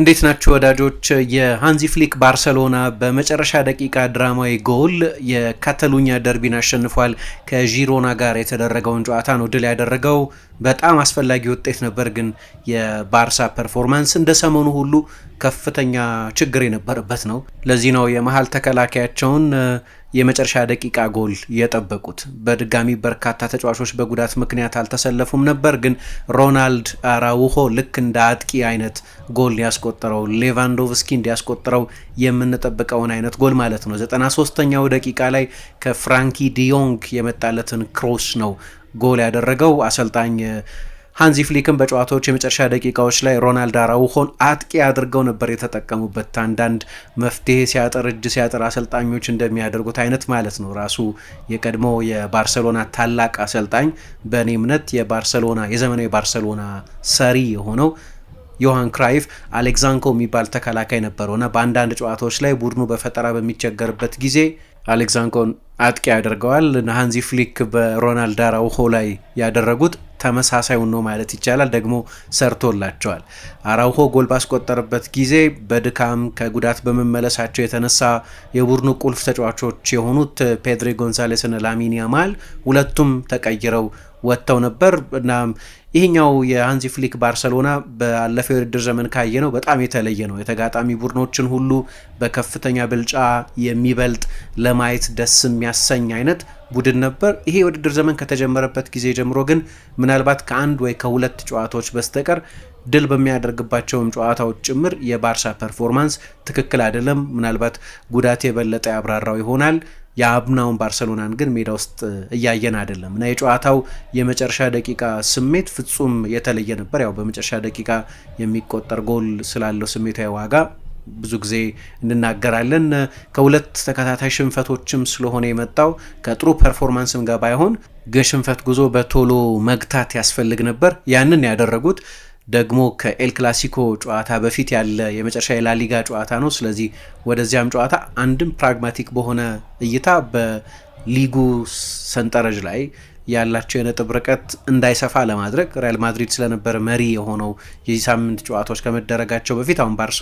እንዴት ናችሁ ወዳጆች? የሃንዚ ፍሊክ ባርሰሎና በመጨረሻ ደቂቃ ድራማዊ ጎል የካታሉኛ ደርቢን አሸንፏል። ከዢሮና ጋር የተደረገውን ጨዋታ ነው ድል ያደረገው። በጣም አስፈላጊ ውጤት ነበር። ግን የባርሳ ፐርፎርማንስ እንደ ሰሞኑ ሁሉ ከፍተኛ ችግር የነበረበት ነው። ለዚህ ነው የመሀል ተከላካያቸውን የመጨረሻ ደቂቃ ጎል የጠበቁት። በድጋሚ በርካታ ተጫዋቾች በጉዳት ምክንያት አልተሰለፉም ነበር። ግን ሮናልድ አራውሆ ልክ እንደ አጥቂ አይነት ጎል ያስቆጠረው ሌቫንዶቭስኪ እንዲያስቆጥረው የምንጠብቀውን አይነት ጎል ማለት ነው። 93ኛው ደቂቃ ላይ ከፍራንኪ ዲዮንግ የመጣለትን ክሮስ ነው ጎል ያደረገው አሰልጣኝ ሃንዚ ፍሊክን በጨዋታዎች የመጨረሻ ደቂቃዎች ላይ ሮናልድ አራውሆን አጥቂ አድርገው ነበር የተጠቀሙበት። አንዳንድ መፍትሄ ሲያጥር እጅ ሲያጥር አሰልጣኞች እንደሚያደርጉት አይነት ማለት ነው። ራሱ የቀድሞ የባርሰሎና ታላቅ አሰልጣኝ በእኔ እምነት የባርሰሎና የዘመናዊ ባርሰሎና ሰሪ የሆነው ዮሃን ክራይፍ አሌክዛንኮ የሚባል ተከላካይ ነበረውና በአንዳንድ ጨዋታዎች ላይ ቡድኑ በፈጠራ በሚቸገርበት ጊዜ አሌክዛንኮን አጥቂ ያደርገዋል። ሃንዚ ፍሊክ በሮናልድ አራውሆ ላይ ያደረጉት ተመሳሳዩን ነው ማለት ይቻላል። ደግሞ ሰርቶላቸዋል። አራውሆ ጎል ባስቆጠረበት ጊዜ በድካም ከጉዳት በመመለሳቸው የተነሳ የቡድኑ ቁልፍ ተጫዋቾች የሆኑት ፔድሪ ጎንሳሌስና ላሚን ያማል ሁለቱም ተቀይረው ወጥተው ነበር እና ይሄኛው የሃንዚ ፍሊክ ባርሰሎና ባለፈው የውድድር ዘመን ካየ ነው በጣም የተለየ ነው። የተጋጣሚ ቡድኖችን ሁሉ በከፍተኛ ብልጫ የሚበልጥ ለማየት ደስ የሚያሰኝ አይነት ቡድን ነበር። ይሄ የውድድር ዘመን ከተጀመረበት ጊዜ ጀምሮ ግን ምናልባት ከአንድ ወይ ከሁለት ጨዋታዎች በስተቀር ድል በሚያደርግባቸውም ጨዋታዎች ጭምር የባርሳ ፐርፎርማንስ ትክክል አይደለም። ምናልባት ጉዳት የበለጠ ያብራራው ይሆናል። የአብናውን ባርሰሎናን ግን ሜዳ ውስጥ እያየን አይደለም እና የጨዋታው የመጨረሻ ደቂቃ ስሜት ፍጹም የተለየ ነበር። ያው በመጨረሻ ደቂቃ የሚቆጠር ጎል ስላለው ስሜታዊ ዋጋ ብዙ ጊዜ እንናገራለን። ከሁለት ተከታታይ ሽንፈቶችም ስለሆነ የመጣው ከጥሩ ፐርፎርማንስም ጋር ባይሆን የሽንፈት ጉዞ በቶሎ መግታት ያስፈልግ ነበር። ያንን ያደረጉት ደግሞ ከኤል ክላሲኮ ጨዋታ በፊት ያለ የመጨረሻ የላሊጋ ጨዋታ ነው። ስለዚህ ወደዚያም ጨዋታ አንድም ፕራግማቲክ በሆነ እይታ በሊጉ ሰንጠረዥ ላይ ያላቸው የነጥብ ርቀት እንዳይሰፋ ለማድረግ ሪያል ማድሪድ ስለነበር መሪ የሆነው የዚህ ሳምንት ጨዋታዎች ከመደረጋቸው በፊት አሁን ባርሳ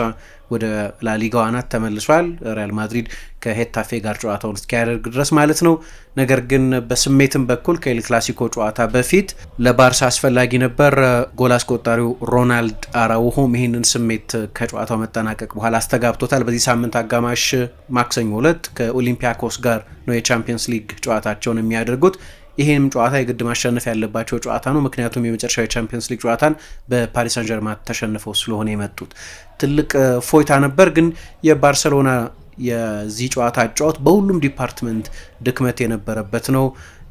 ወደ ላሊጋው አናት ተመልሷል። ሪያል ማድሪድ ከሄታፌ ጋር ጨዋታውን እስኪያደርግ ድረስ ማለት ነው። ነገር ግን በስሜትም በኩል ከኤል ክላሲኮ ጨዋታ በፊት ለባርሳ አስፈላጊ ነበር። ጎል አስቆጣሪው ሮናልድ አራውሆም ይህንን ስሜት ከጨዋታው መጠናቀቅ በኋላ አስተጋብቶታል። በዚህ ሳምንት አጋማሽ ማክሰኞ ዕለት ከኦሊምፒያኮስ ጋር ነው የቻምፒየንስ ሊግ ጨዋታቸውን የሚያደርጉት። ይሄንም ጨዋታ የግድ ማሸነፍ ያለባቸው ጨዋታ ነው። ምክንያቱም የመጨረሻዊ ቻምፒየንስ ሊግ ጨዋታን በፓሪስ ሳን ጀርማ ተሸንፈው ስለሆነ የመጡት ትልቅ ፎይታ ነበር። ግን የባርሰሎና የዚህ ጨዋታ አጫወት በሁሉም ዲፓርትመንት ድክመት የነበረበት ነው።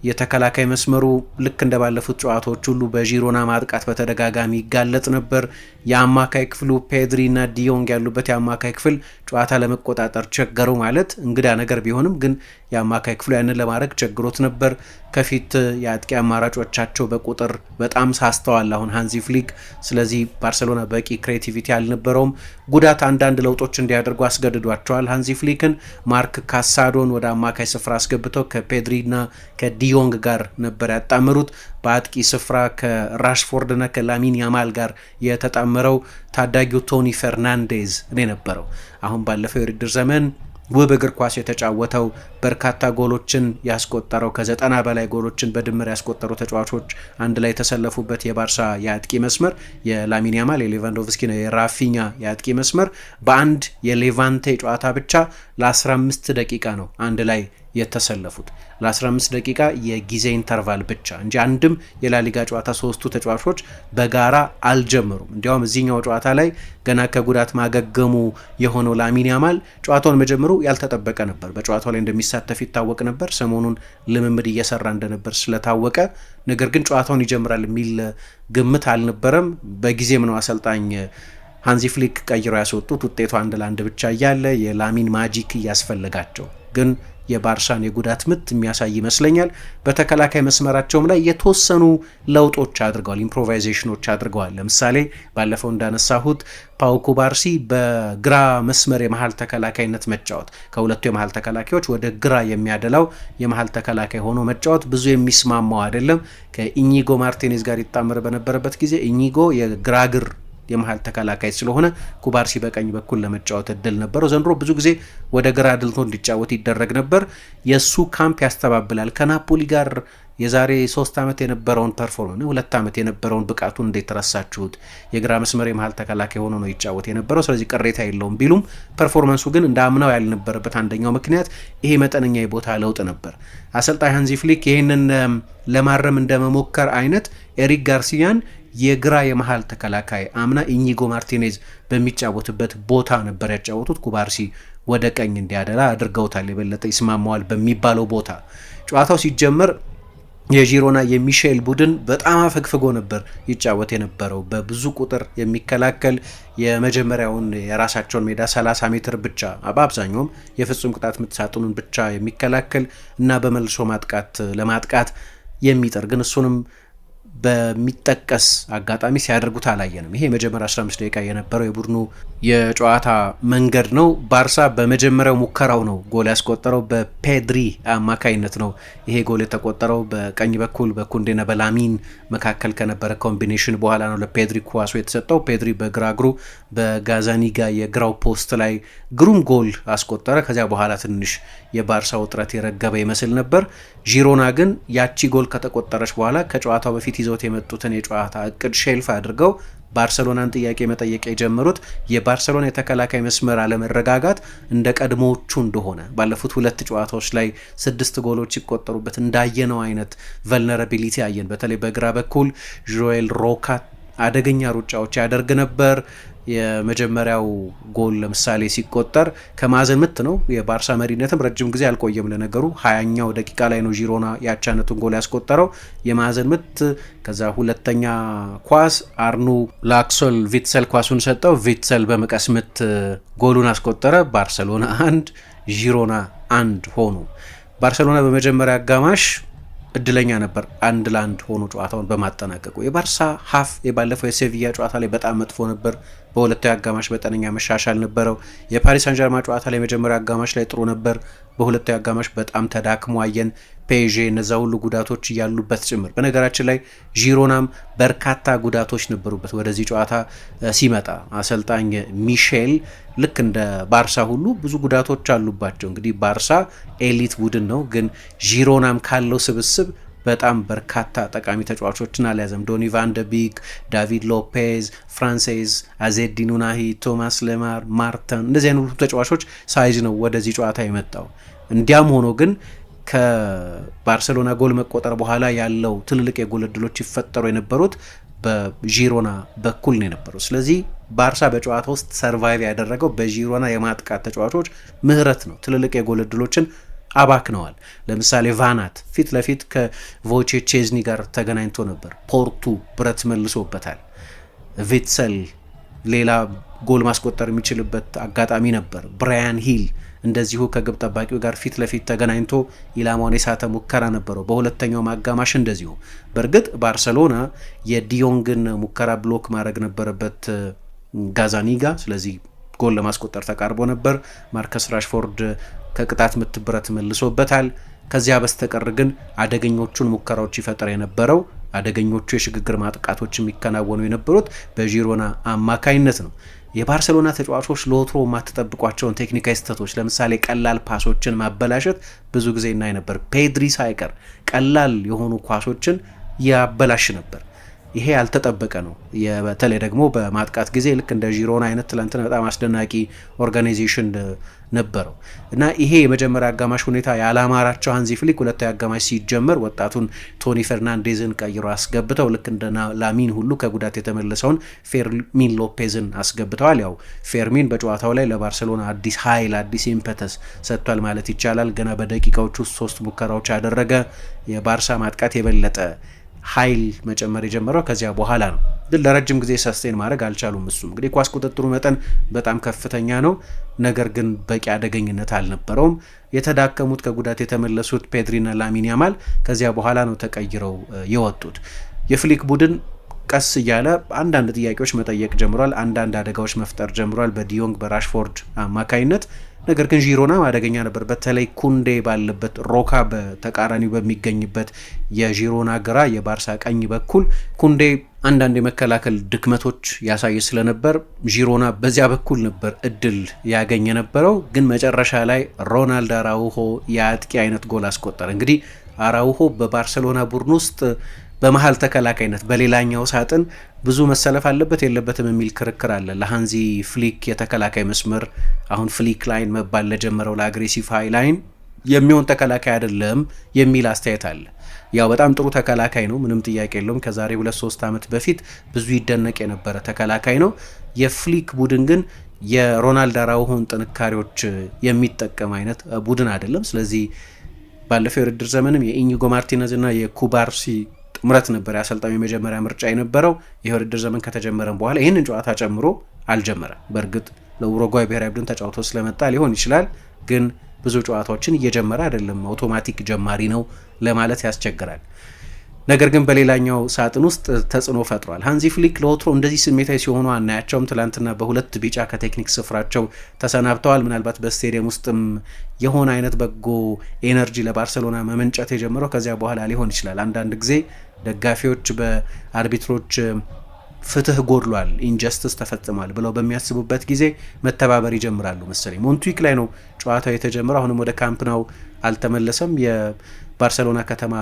የተከላካይ መስመሩ ልክ እንደባለፉት ጨዋታዎች ሁሉ በዢሮና ማጥቃት በተደጋጋሚ ይጋለጥ ነበር። የአማካይ ክፍሉ ፔድሪ እና ዲዮንግ ያሉበት የአማካይ ክፍል ጨዋታ ለመቆጣጠር ቸገሩ ማለት እንግዳ ነገር ቢሆንም ግን የአማካይ ክፍሉ ያንን ለማድረግ ቸግሮት ነበር። ከፊት የአጥቂ አማራጮቻቸው በቁጥር በጣም ሳስተዋል አሁን ሃንዚ ፍሊክ። ስለዚህ ባርሰሎና በቂ ክሬቲቪቲ አልነበረውም። ጉዳት አንዳንድ ለውጦች እንዲያደርጉ አስገድዷቸዋል። ሃንዚ ፍሊክን ማርክ ካሳዶን ወደ አማካይ ስፍራ አስገብተው ከፔድሪና ከዲዮንግ ጋር ነበር ያጣመሩት። በአጥቂ ስፍራ ከራሽፎርድና ከላሚን ያማል ጋር የተጣመረው ታዳጊው ቶኒ ፈርናንዴዝ የነበረው። አሁን ባለፈው የውድድር ዘመን ውብ እግር ኳስ የተጫወተው በርካታ ጎሎችን ያስቆጠረው ከዘጠና በላይ ጎሎችን በድምር ያስቆጠሩ ተጫዋቾች አንድ ላይ የተሰለፉበት የባርሳ የአጥቂ መስመር የላሚን ያማል፣ የሌቫንዶቭስኪ ነው የራፊኛ የአጥቂ መስመር በአንድ የሌቫንቴ ጨዋታ ብቻ ለ15 ደቂቃ ነው አንድ ላይ የተሰለፉት ለ15 ደቂቃ የጊዜ ኢንተርቫል ብቻ እንጂ አንድም የላሊጋ ጨዋታ ሶስቱ ተጫዋቾች በጋራ አልጀመሩም። እንዲያውም እዚህኛው ጨዋታ ላይ ገና ከጉዳት ማገገሙ የሆነው ላሚን ያማል ጨዋታውን መጀመሩ ያልተጠበቀ ነበር። በጨዋታው ላይ እንደሚሳተፍ ይታወቅ ነበር፣ ሰሞኑን ልምምድ እየሰራ እንደነበር ስለታወቀ። ነገር ግን ጨዋታውን ይጀምራል የሚል ግምት አልነበረም። በጊዜም ነው አሰልጣኝ ሃንዚ ፍሊክ ቀይሮ ያስወጡት። ውጤቱ አንድ ለአንድ ብቻ እያለ የላሚን ማጂክ እያስፈለጋቸው ግን የባርሳን የጉዳት ምት የሚያሳይ ይመስለኛል። በተከላካይ መስመራቸውም ላይ የተወሰኑ ለውጦች አድርገዋል፣ ኢምፕሮቫይዜሽኖች አድርገዋል። ለምሳሌ ባለፈው እንዳነሳሁት ፓውኩ ባርሲ በግራ መስመር የመሀል ተከላካይነት መጫወት ከሁለቱ የመሀል ተከላካዮች ወደ ግራ የሚያደላው የመሀል ተከላካይ ሆኖ መጫወት ብዙ የሚስማማው አይደለም። ከኢኒጎ ማርቲኔዝ ጋር ይጣመር በነበረበት ጊዜ ኢኒጎ የግራግር የመሀል ተከላካይ ስለሆነ ኩባርሲ በቀኝ በኩል ለመጫወት እድል ነበረው። ዘንድሮ ብዙ ጊዜ ወደ ግራ ድልቶ እንዲጫወት ይደረግ ነበር። የእሱ ካምፕ ያስተባብላል። ከናፖሊ ጋር የዛሬ ሶስት ዓመት የነበረውን ፐርፎርማንስ ሁለት ዓመት የነበረውን ብቃቱን እንዴት ረሳችሁት? የግራ መስመር የመሀል ተከላካይ ሆኖ ነው ይጫወት የነበረው፣ ስለዚህ ቅሬታ የለውም ቢሉም ፐርፎርማንሱ ግን እንደ አምናው ያልነበረበት አንደኛው ምክንያት ይሄ መጠነኛ የቦታ ለውጥ ነበር። አሰልጣኝ ሃንዚ ፍሊክ ይህንን ለማረም እንደመሞከር አይነት ኤሪክ ጋርሲያን የግራ የመሀል ተከላካይ አምና ኢኒጎ ማርቲኔዝ በሚጫወትበት ቦታ ነበር ያጫወቱት። ኩባርሲ ወደ ቀኝ እንዲያደላ አድርገውታል። የበለጠ ይስማማዋል በሚባለው ቦታ ጨዋታው ሲጀመር የዢሮና የሚሼል ቡድን በጣም አፈግፍጎ ነበር ይጫወት የነበረው። በብዙ ቁጥር የሚከላከል የመጀመሪያውን የራሳቸውን ሜዳ 30 ሜትር ብቻ በአብዛኛውም የፍጹም ቅጣት ምት ሳጥኑን ብቻ የሚከላከል እና በመልሶ ማጥቃት ለማጥቃት የሚጥር ግን እሱንም በሚጠቀስ አጋጣሚ ሲያደርጉት አላየንም። ይሄ የመጀመሪያ 15 ደቂቃ የነበረው የቡድኑ የጨዋታ መንገድ ነው። ባርሳ በመጀመሪያው ሙከራው ነው ጎል ያስቆጠረው፣ በፔድሪ አማካይነት ነው ይሄ ጎል የተቆጠረው። በቀኝ በኩል በኩንዴና በላሚን መካከል ከነበረ ኮምቢኔሽን በኋላ ነው ለፔድሪ ኳሱ የተሰጠው። ፔድሪ በግራ እግሩ በጋዛኒጋ የግራው ፖስት ላይ ግሩም ጎል አስቆጠረ። ከዚያ በኋላ ትንሽ የባርሳ ውጥረት የረገበ ይመስል ነበር። ዢሮና ግን ያቺ ጎል ከተቆጠረች በኋላ ከጨዋታው በፊት ይዘውት የመጡትን የጨዋታ እቅድ ሼልፍ አድርገው ባርሰሎናን ጥያቄ መጠየቅ የጀመሩት የባርሰሎና የተከላካይ መስመር አለመረጋጋት እንደ ቀድሞዎቹ እንደሆነ ባለፉት ሁለት ጨዋታዎች ላይ ስድስት ጎሎች ሲቆጠሩበት እንዳየነው አይነት ቨልነራቢሊቲ አየን። በተለይ በግራ በኩል ጆኤል ሮካ አደገኛ ሩጫዎች ያደርግ ነበር። የመጀመሪያው ጎል ለምሳሌ ሲቆጠር ከማዕዘን ምት ነው። የባርሳ መሪነትም ረጅም ጊዜ አልቆየም። ለነገሩ ሀያኛው ደቂቃ ላይ ነው ዢሮና ያቻነቱን ጎል ያስቆጠረው። የማዕዘን ምት ከዛ ሁለተኛ ኳስ አርኑ ላክሶል ቪትሰል ኳሱን ሰጠው። ቪትሰል በመቀስ ምት ጎሉን አስቆጠረ። ባርሰሎና አንድ ዢሮና አንድ ሆኑ። ባርሰሎና በመጀመሪያ አጋማሽ እድለኛ ነበር። አንድ ለአንድ ሆኖ ጨዋታውን በማጠናቀቁ የባርሳ ሀፍ የባለፈው የሴቪያ ጨዋታ ላይ በጣም መጥፎ ነበር። በሁለታዊ አጋማሽ በጠነኛ መሻሻል ነበረው። የፓሪስ አንጀርማ ጨዋታ ላይ መጀመሪያ አጋማሽ ላይ ጥሩ ነበር። በሁለታዊ አጋማሽ በጣም ተዳክሞ አየን። ፔዤ እነዛ ሁሉ ጉዳቶች እያሉበት ጭምር በነገራችን ላይ ዢሮናም በርካታ ጉዳቶች ነበሩበት። ወደዚህ ጨዋታ ሲመጣ አሰልጣኝ ሚሼል ልክ እንደ ባርሳ ሁሉ ብዙ ጉዳቶች አሉባቸው። እንግዲህ ባርሳ ኤሊት ቡድን ነው፣ ግን ዢሮናም ካለው ስብስብ በጣም በርካታ ጠቃሚ ተጫዋቾችን አልያዘም። ዶኒ ቫን ቢክ፣ ዳቪድ ሎፔዝ፣ ፍራንሴዝ አዜዲ ኑናሂ፣ ቶማስ ሌማር፣ ማርተን እነዚህ አይነት ሁሉ ተጫዋቾች ሳይዝ ነው ወደዚህ ጨዋታ የመጣው። እንዲያም ሆኖ ግን ከባርሴሎና ጎል መቆጠር በኋላ ያለው ትልልቅ የጎል እድሎች ይፈጠሩ የነበሩት በዢሮና በኩል ነው የነበረው። ስለዚህ ባርሳ በጨዋታ ውስጥ ሰርቫይቭ ያደረገው በዢሮና የማጥቃት ተጫዋቾች ምህረት ነው ትልልቅ የጎል እድሎችን አባክነዋል። ለምሳሌ ቫናት ፊት ለፊት ከቮቼ ቼዝኒ ጋር ተገናኝቶ ነበር። ፖርቱ ብረት መልሶበታል። ቪትሰል ሌላ ጎል ማስቆጠር የሚችልበት አጋጣሚ ነበር። ብራያን ሂል እንደዚሁ ከግብ ጠባቂው ጋር ፊት ለፊት ተገናኝቶ ኢላማውን የሳተ ሙከራ ነበረው። በሁለተኛው ማጋማሽ እንደዚሁ። በእርግጥ ባርሰሎና የዲዮንግን ሙከራ ብሎክ ማድረግ ነበረበት ጋዛኒጋ። ስለዚህ ጎል ለማስቆጠር ተቃርቦ ነበር። ማርከስ ራሽፎርድ ከቅጣት ምት ብረት መልሶበታል። ከዚያ በስተቀር ግን አደገኞቹን ሙከራዎች ይፈጠር የነበረው አደገኞቹ የሽግግር ማጥቃቶች የሚከናወኑ የነበሩት በዢሮና አማካይነት ነው። የባርሰሎና ተጫዋቾች ለወትሮ የማትጠብቋቸውን ቴክኒካዊ ስህተቶች ለምሳሌ ቀላል ፓሶችን ማበላሸት ብዙ ጊዜ እናይ ነበር። ፔድሪ ሳይቀር ቀላል የሆኑ ኳሶችን ያበላሽ ነበር። ይሄ ያልተጠበቀ ነው። በተለይ ደግሞ በማጥቃት ጊዜ ልክ እንደ ዢሮና አይነት ትላንትና በጣም አስደናቂ ኦርጋናይዜሽን ነበረው እና ይሄ የመጀመሪያ አጋማሽ ሁኔታ ያላማራቸው ሃንዚ ፍሊክ ሁለታዊ አጋማሽ ሲጀመር ወጣቱን ቶኒ ፈርናንዴዝን ቀይሮ አስገብተው ልክ እንደ ላሚን ሁሉ ከጉዳት የተመለሰውን ፌርሚን ሎፔዝን አስገብተዋል። ያው ፌርሚን በጨዋታው ላይ ለባርሴሎና አዲስ ኃይል አዲስ ኢምፐተስ ሰጥቷል ማለት ይቻላል። ገና ውስጥ ሶስት ሙከራዎች ያደረገ የባርሳ ማጥቃት የበለጠ ኃይል መጨመር የጀመረው ከዚያ በኋላ ነው። ግን ለረጅም ጊዜ ሰስቴን ማድረግ አልቻሉም። እሱም እንግዲህ ኳስ ቁጥጥሩ መጠን በጣም ከፍተኛ ነው፣ ነገር ግን በቂ አደገኝነት አልነበረውም። የተዳከሙት ከጉዳት የተመለሱት ፔድሪና ላሚን ያማል ከዚያ በኋላ ነው ተቀይረው የወጡት የፍሊክ ቡድን ቀስ እያለ አንዳንድ ጥያቄዎች መጠየቅ ጀምሯል። አንዳንድ አደጋዎች መፍጠር ጀምሯል በዲዮንግ በራሽፎርድ አማካይነት። ነገር ግን ዢሮና አደገኛ ነበር። በተለይ ኩንዴ ባለበት ሮካ በተቃራኒው በሚገኝበት የዢሮና ግራ የባርሳ ቀኝ በኩል ኩንዴ አንዳንድ የመከላከል ድክመቶች ያሳየ ስለነበር ዢሮና በዚያ በኩል ነበር እድል ያገኘ ነበረው። ግን መጨረሻ ላይ ሮናልድ አራውሆ የአጥቂ አይነት ጎል አስቆጠረ። እንግዲህ አራውሆ በባርሰሎና ቡድን ውስጥ በመሀል ተከላካይነት በሌላኛው ሳጥን ብዙ መሰለፍ አለበት የለበትም የሚል ክርክር አለ። ለሃንዚ ፍሊክ የተከላካይ መስመር አሁን ፍሊክ ላይን መባል ለጀመረው ለአግሬሲቭ ሀይ ላይን የሚሆን ተከላካይ አይደለም የሚል አስተያየት አለ። ያው በጣም ጥሩ ተከላካይ ነው፣ ምንም ጥያቄ የለውም። ከዛሬ ሁለት ሶስት ዓመት በፊት ብዙ ይደነቅ የነበረ ተከላካይ ነው። የፍሊክ ቡድን ግን የሮናልድ አራውሆን ጥንካሬዎች የሚጠቀም አይነት ቡድን አይደለም። ስለዚህ ባለፈው የውድድር ዘመንም የኢኒጎ ማርቲነዝ እና የኩባርሲ ምረት ነበር የአሰልጣኙ የመጀመሪያ ምርጫ የነበረው። የውድድር ዘመን ከተጀመረም በኋላ ይህንን ጨዋታ ጨምሮ አልጀመረም። በእርግጥ ለኡሩጓይ ብሔራዊ ቡድን ተጫውቶ ስለመጣ ሊሆን ይችላል ግን ብዙ ጨዋታዎችን እየጀመረ አይደለም። አውቶማቲክ ጀማሪ ነው ለማለት ያስቸግራል። ነገር ግን በሌላኛው ሳጥን ውስጥ ተጽዕኖ ፈጥሯል። ሃንዚ ፍሊክ ለወትሮ እንደዚህ ስሜታዊ ሲሆኑ አናያቸውም። ትላንትና በሁለት ቢጫ ከቴክኒክ ስፍራቸው ተሰናብተዋል። ምናልባት በስቴዲየም ውስጥም የሆነ አይነት በጎ ኤነርጂ ለባርሰሎና መመንጨት የጀመረው ከዚያ በኋላ ሊሆን ይችላል። አንዳንድ ጊዜ ደጋፊዎች በአርቢትሮች ፍትህ ጎድሏል፣ ኢንጀስትስ ተፈጽሟል ብለው በሚያስቡበት ጊዜ መተባበር ይጀምራሉ መሰለኝ። ሞንትዊክ ላይ ነው ጨዋታው የተጀመረው። አሁንም ወደ ካምፕ ናው አልተመለሰም። የባርሰሎና ከተማ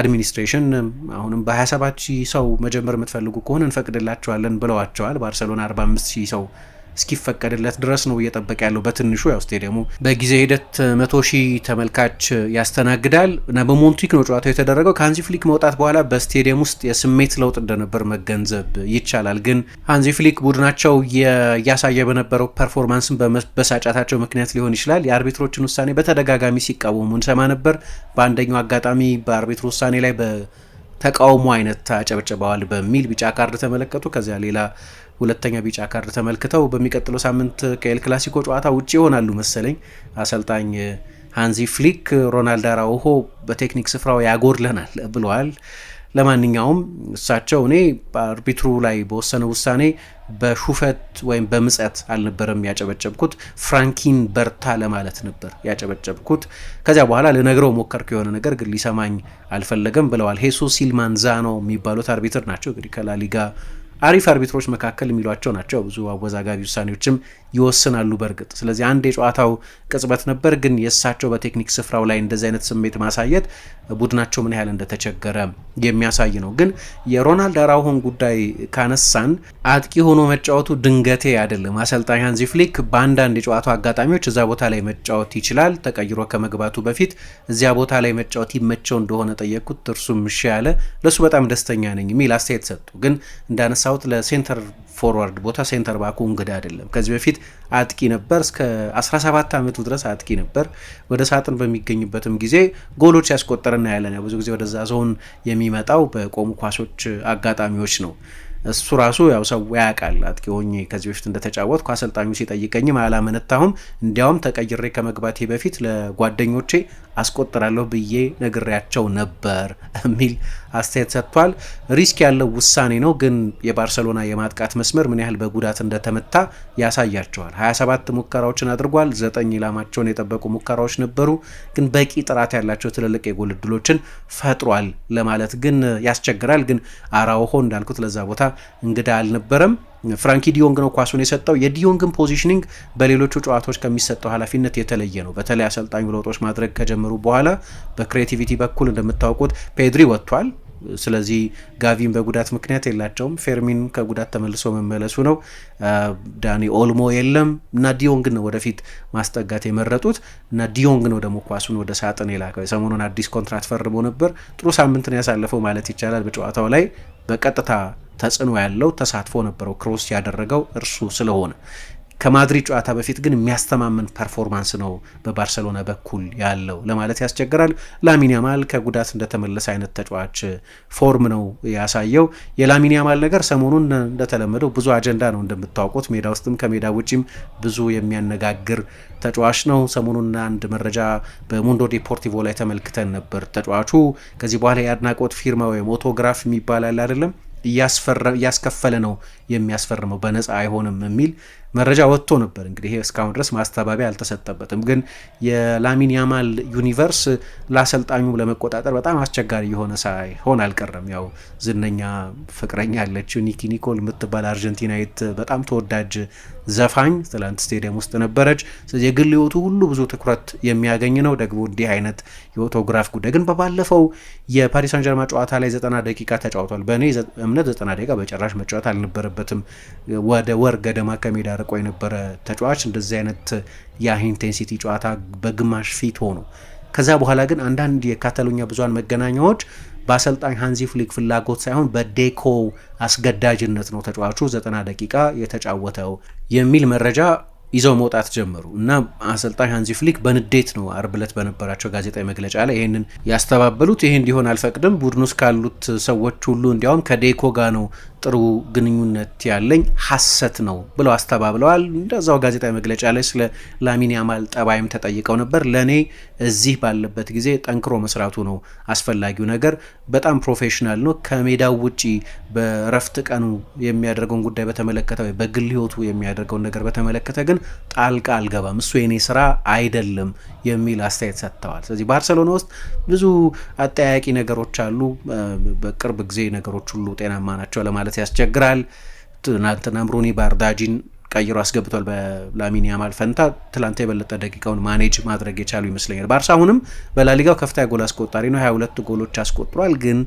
አድሚኒስትሬሽን አሁንም በ27 ሺህ ሰው መጀመር የምትፈልጉ ከሆነ እንፈቅድላቸዋለን ብለዋቸዋል። ባርሰሎና 45 ሺህ ሰው እስኪፈቀድለት ድረስ ነው እየጠበቀ ያለው በትንሹ ያው ስቴዲየሙ በጊዜ ሂደት መቶ ሺህ ተመልካች ያስተናግዳል እና በሞንትዊክ ነው ጨዋታው የተደረገው። ከሀንዚ ፍሊክ መውጣት በኋላ በስቴዲየም ውስጥ የስሜት ለውጥ እንደነበር መገንዘብ ይቻላል። ግን ሀንዚ ፍሊክ ቡድናቸው እያሳየ በነበረው ፐርፎርማንስን በመበሳጫታቸው ምክንያት ሊሆን ይችላል የአርቢትሮችን ውሳኔ በተደጋጋሚ ሲቃወሙ እንሰማ ነበር። በአንደኛው አጋጣሚ በአርቢትሮ ውሳኔ ላይ በተቃውሞ አይነት አጨብጭበዋል በሚል ቢጫ ካርድ ተመለከቱ። ከዚያ ሌላ ሁለተኛ ቢጫ ካርድ ተመልክተው በሚቀጥለው ሳምንት ከኤል ክላሲኮ ጨዋታ ውጭ ይሆናሉ መሰለኝ። አሰልጣኝ ሃንዚ ፍሊክ ሮናልድ አራውሆ በቴክኒክ ስፍራው ያጎድለናል ብለዋል። ለማንኛውም እሳቸው እኔ አርቢትሩ ላይ በወሰነ ውሳኔ በሹፈት ወይም በምጸት አልነበረም ያጨበጨብኩት፣ ፍራንኪን በርታ ለማለት ነበር ያጨበጨብኩት። ከዚያ በኋላ ልነግረው ሞከርኩ የሆነ ነገር ግን ሊሰማኝ አልፈለገም ብለዋል። ሄሱ ሲልማንዛኖ የሚባሉት አርቢትር ናቸው እንግዲህ ከላሊጋ አሪፍ አርቢትሮች መካከል የሚሏቸው ናቸው። ብዙ አወዛጋቢ ውሳኔዎችም ይወስናሉ። በእርግጥ ስለዚህ አንድ የጨዋታው ቅጽበት ነበር፣ ግን የእሳቸው በቴክኒክ ስፍራው ላይ እንደዚህ አይነት ስሜት ማሳየት ቡድናቸው ምን ያህል እንደተቸገረ የሚያሳይ ነው። ግን የሮናልድ አራውሆን ጉዳይ ካነሳን አጥቂ ሆኖ መጫወቱ ድንገቴ አይደለም። አሰልጣኝ ሃንዚ ፍሊክ በአንዳንድ የጨዋታው አጋጣሚዎች እዛ ቦታ ላይ መጫወት ይችላል፣ ተቀይሮ ከመግባቱ በፊት እዚያ ቦታ ላይ መጫወት ይመቸው እንደሆነ ጠየቁት። እርሱም እሺ ያለ ለእሱ በጣም ደስተኛ ነኝ የሚል አስተያየት ሰጡ። ግን እንዳነሳሁት ለሴንተር ፎርዋርድ ቦታ ሴንተር ባኩ እንግዳ አይደለም። ከዚህ በፊት አጥቂ ነበር፣ እስከ 17 ዓመቱ ድረስ አጥቂ ነበር። ወደ ሳጥን በሚገኝበትም ጊዜ ጎሎች ያስቆጠር እናያለን። ብዙ ጊዜ ወደዛ ዞን የሚመጣው በቆሙ ኳሶች አጋጣሚዎች ነው። እሱ ራሱ ያው ሰው ያውቃል። አጥቂ ሆኜ ከዚህ በፊት እንደተጫወትኩ አሰልጣኙ ሲጠይቀኝም አላመነታሁም። እንዲያውም ተቀይሬ ከመግባቴ በፊት ለጓደኞቼ አስቆጥራለሁ ብዬ ነግሬያቸው ነበር የሚል አስተያየት ሰጥቷል። ሪስክ ያለው ውሳኔ ነው፣ ግን የባርሰሎና የማጥቃት መስመር ምን ያህል በጉዳት እንደተመታ ያሳያቸዋል። 27 ሙከራዎችን አድርጓል። ዘጠኝ ኢላማቸውን የጠበቁ ሙከራዎች ነበሩ፣ ግን በቂ ጥራት ያላቸው ትልልቅ የጎል እድሎችን ፈጥሯል ለማለት ግን ያስቸግራል። ግን አራውሆ እንዳልኩት ለዛ ቦታ እንግዳ አልነበረም። ፍራንኪ ዲዮንግ ነው ኳሱን የሰጠው። የዲዮንግን ፖዚሽኒንግ በሌሎቹ ጨዋታዎች ከሚሰጠው ኃላፊነት የተለየ ነው። በተለይ አሰልጣኙ ለውጦች ማድረግ ከጀመሩ በኋላ በክሬቲቪቲ በኩል እንደምታውቁት ፔድሪ ወጥቷል። ስለዚህ ጋቪን በጉዳት ምክንያት የላቸውም። ፌርሚን ከጉዳት ተመልሶ መመለሱ ነው። ዳኒ ኦልሞ የለም እና ዲዮንግ ነው ወደፊት ማስጠጋት የመረጡት እና ዲዮንግ ነው ደግሞ ኳሱን ወደ ሳጥን የላከው። የሰሞኑን አዲስ ኮንትራት ፈርሞ ነበር። ጥሩ ነው ያሳለፈው ማለት ይቻላል። በጨዋታው ላይ በቀጥታ ተጽዕኖ ያለው ተሳትፎ ነበረው ክሮስ ያደረገው እርሱ ስለሆነ ከማድሪድ ጨዋታ በፊት ግን የሚያስተማምን ፐርፎርማንስ ነው በባርሰሎና በኩል ያለው ለማለት ያስቸግራል። ላሚን ያማል ከጉዳት እንደተመለሰ አይነት ተጫዋች ፎርም ነው ያሳየው። የላሚን ያማል ነገር ሰሞኑን እንደተለመደው ብዙ አጀንዳ ነው እንደምታውቁት፣ ሜዳ ውስጥም ከሜዳ ውጭም ብዙ የሚያነጋግር ተጫዋች ነው። ሰሞኑን አንድ መረጃ በሙንዶ ዴፖርቲቮ ላይ ተመልክተን ነበር። ተጫዋቹ ከዚህ በኋላ የአድናቆት ፊርማ ወይም ኦቶግራፍ የሚባል አለ አይደለም እያስከፈለ ነው የሚያስፈርመው፣ በነፃ አይሆንም የሚል መረጃ ወጥቶ ነበር። እንግዲህ ይሄ እስካሁን ድረስ ማስተባበያ አልተሰጠበትም። ግን የላሚን ያማል ዩኒቨርስ ለአሰልጣኙ ለመቆጣጠር በጣም አስቸጋሪ የሆነ ሳይሆን አልቀረም። ያው ዝነኛ ፍቅረኛ ያለችው ኒኪ ኒኮል የምትባል አርጀንቲናዊት በጣም ተወዳጅ ዘፋኝ ትላንት ስቴዲየም ውስጥ ነበረች። ስለዚህ የግል ህይወቱ ሁሉ ብዙ ትኩረት የሚያገኝ ነው። ደግሞ እንዲህ አይነት የኦቶግራፍ ጉዳይ ግን በባለፈው የፓሪስ አንጀርማ ጨዋታ ላይ ዘጠና ደቂቃ ተጫውቷል። በእኔ እምነት ዘጠና ደቂቃ በጭራሽ መጫወት አልነበረበትም። ወደ ወር ገደማ ከሜዳ ተመርቆ የነበረ ተጫዋች እንደዚህ አይነት የሃይ ኢንቴንሲቲ ጨዋታ በግማሽ ፊት ሆኖ ከዛ በኋላ ግን አንዳንድ የካታሎኛ ብዙሃን መገናኛዎች በአሰልጣኝ ሃንዚ ፍሊክ ፍላጎት ሳይሆን በዴኮ አስገዳጅነት ነው ተጫዋቹ ዘጠና ደቂቃ የተጫወተው የሚል መረጃ ይዘው መውጣት ጀመሩ እና አሰልጣኝ ሃንዚ ፍሊክ በንዴት ነው አርብ ዕለት በነበራቸው ጋዜጣዊ መግለጫ ላይ ይህንን ያስተባበሉት። ይሄ እንዲሆን አልፈቅድም፣ ቡድን ውስጥ ካሉት ሰዎች ሁሉ እንዲያውም ከዴኮ ጋር ነው ጥሩ ግንኙነት ያለኝ፣ ሀሰት ነው ብለው አስተባብለዋል። እንደዛው ጋዜጣዊ መግለጫ ላይ ስለ ላሚን ያማል ጠባይም ተጠይቀው ነበር። ለእኔ እዚህ ባለበት ጊዜ ጠንክሮ መስራቱ ነው አስፈላጊው ነገር። በጣም ፕሮፌሽናል ነው። ከሜዳው ውጪ በረፍት ቀኑ የሚያደርገውን ጉዳይ በተመለከተ ወይ በግል ህይወቱ የሚያደርገውን ነገር በተመለከተ ግን ግን ጣልቃ አልገባም፣ እሱ የኔ ስራ አይደለም የሚል አስተያየት ሰጥተዋል። ስለዚህ ባርሰሎና ውስጥ ብዙ አጠያቂ ነገሮች አሉ። በቅርብ ጊዜ ነገሮች ሁሉ ጤናማ ናቸው ለማለት ያስቸግራል። ትናንትናም ሩኒ ባርዳጂን ቀይሮ አስገብቷል። በላሚን ያማል ፈንታ ትላንት የበለጠ ደቂቃውን ማኔጅ ማድረግ የቻሉ ይመስለኛል። ባርሳ አሁንም በላሊጋው ከፍተኛ ጎል አስቆጣሪ ነው፣ 22 ጎሎች አስቆጥሯል። ግን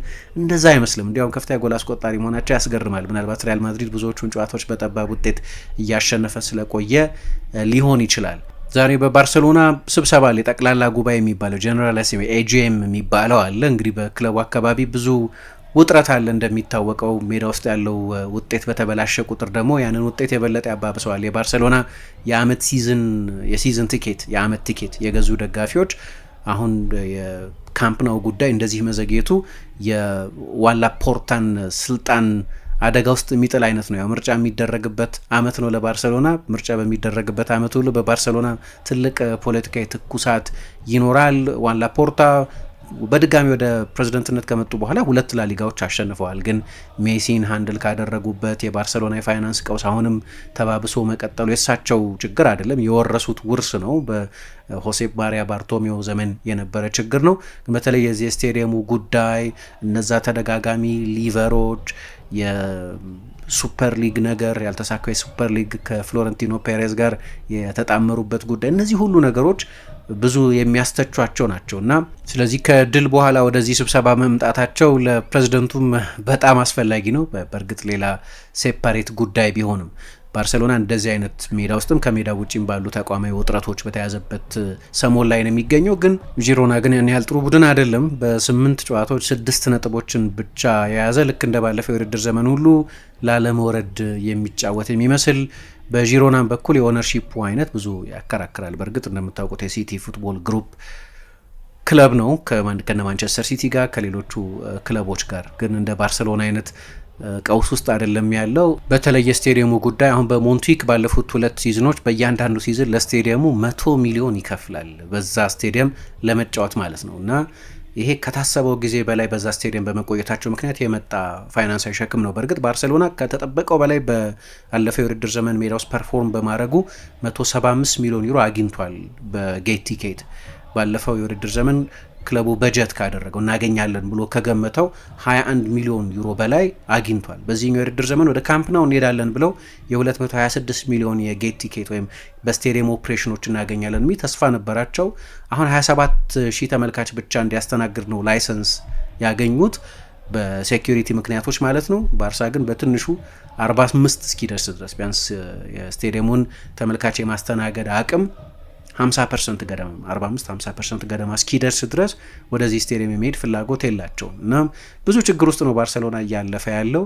እንደዛ አይመስልም። እንዲያውም ከፍተኛ ጎል አስቆጣሪ መሆናቸው ያስገርማል። ምናልባት ሪያል ማድሪድ ብዙዎቹን ጨዋታዎች በጠባብ ውጤት እያሸነፈ ስለቆየ ሊሆን ይችላል። ዛሬ በባርሰሎና ስብሰባ ላይ ጠቅላላ ጉባኤ የሚባለው ጀነራል አሴምብሊ ኤጂኤም የሚባለው አለ። እንግዲህ በክለቡ አካባቢ ብዙ ውጥረት አለ እንደሚታወቀው። ሜዳ ውስጥ ያለው ውጤት በተበላሸ ቁጥር ደግሞ ያንን ውጤት የበለጠ ያባብሰዋል። የባርሴሎና የአመት ሲዝን የሲዝን ቲኬት የአመት ቲኬት የገዙ ደጋፊዎች አሁን የካምፕ ናው ጉዳይ እንደዚህ መዘግየቱ የዋላ ፖርታን ስልጣን አደጋ ውስጥ የሚጥል አይነት ነው። ያው ምርጫ የሚደረግበት አመት ነው ለባርሴሎና። ምርጫ በሚደረግበት አመት ሁሉ በባርሰሎና ትልቅ ፖለቲካዊ ትኩሳት ይኖራል። ዋን ላፖርታ በድጋሚ ወደ ፕሬዝደንትነት ከመጡ በኋላ ሁለት ላሊጋዎች አሸንፈዋል። ግን ሜሲን ሃንድል ካደረጉበት የባርሰሎና የፋይናንስ ቀውስ አሁንም ተባብሶ መቀጠሉ የእሳቸው ችግር አይደለም፣ የወረሱት ውርስ ነው። በሆሴፕ ባሪያ ባርቶሜዮ ዘመን የነበረ ችግር ነው። በተለይ የዚህ የስቴዲየሙ ጉዳይ፣ እነዛ ተደጋጋሚ ሊቨሮች የሱፐር ሊግ ነገር ያልተሳካው የሱፐር ሊግ ከፍሎረንቲኖ ፔሬዝ ጋር የተጣመሩበት ጉዳይ፣ እነዚህ ሁሉ ነገሮች ብዙ የሚያስተቿቸው ናቸው እና ስለዚህ ከድል በኋላ ወደዚህ ስብሰባ መምጣታቸው ለፕሬዝደንቱም በጣም አስፈላጊ ነው። በእርግጥ ሌላ ሴፓሬት ጉዳይ ቢሆንም ባርሴሎና እንደዚህ አይነት ሜዳ ውስጥም ከሜዳ ውጭም ባሉ ተቋማዊ ውጥረቶች በተያዘበት ሰሞን ላይ ነው የሚገኘው። ግን ጂሮና ግን ያን ያህል ጥሩ ቡድን አይደለም። በስምንት ጨዋታዎች ስድስት ነጥቦችን ብቻ የያዘ ልክ እንደ ባለፈው የውድድር ዘመን ሁሉ ላለመውረድ የሚጫወት የሚመስል በዢሮናም በኩል የኦነርሺፑ አይነት ብዙ ያከራክራል። በእርግጥ እንደምታውቁት የሲቲ ፉትቦል ግሩፕ ክለብ ነው ከነ ማንቸስተር ሲቲ ጋር ከሌሎቹ ክለቦች ጋር ግን እንደ ባርሰሎና አይነት ቀውስ ውስጥ አይደለም ያለው። በተለይ የስቴዲየሙ ጉዳይ አሁን በሞንቱዊክ ባለፉት ሁለት ሲዝኖች በእያንዳንዱ ሲዝን ለስቴዲየሙ መቶ ሚሊዮን ይከፍላል በዛ ስቴዲየም ለመጫወት ማለት ነው እና ይሄ ከታሰበው ጊዜ በላይ በዛ ስቴዲየም በመቆየታቸው ምክንያት የመጣ ፋይናንሳዊ ሸክም ነው። በእርግጥ ባርሴሎና ከተጠበቀው በላይ በአለፈው የውድድር ዘመን ሜዳ ውስጥ ፐርፎርም በማድረጉ 175 ሚሊዮን ዩሮ አግኝቷል በጌት ቲኬት። ባለፈው የውድድር ዘመን ክለቡ በጀት ካደረገው እናገኛለን ብሎ ከገመተው 21 ሚሊዮን ዩሮ በላይ አግኝቷል። በዚህኛው የውድድር ዘመን ወደ ካምፕ ናው እንሄዳለን ብለው የ226 ሚሊዮን የጌት ቲኬት ወይም በስቴዲየም ኦፕሬሽኖች እናገኛለን የሚል ተስፋ ነበራቸው። አሁን 27 ሺህ ተመልካች ብቻ እንዲያስተናግድ ነው ላይሰንስ ያገኙት በሴኪሪቲ ምክንያቶች ማለት ነው። ባርሳ ግን በትንሹ 45 እስኪደርስ ድረስ ቢያንስ የስቴዲየሙን ተመልካች የማስተናገድ አቅም 50 ፐርሰንት ገደማ 45 50 ፐርሰንት ገደማ እስኪደርስ ድረስ ወደዚህ ስቴዲየም የመሄድ ፍላጎት የላቸውም። እናም ብዙ ችግር ውስጥ ነው ባርሰሎና እያለፈ ያለው።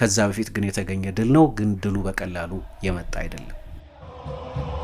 ከዛ በፊት ግን የተገኘ ድል ነው። ግን ድሉ በቀላሉ የመጣ አይደለም።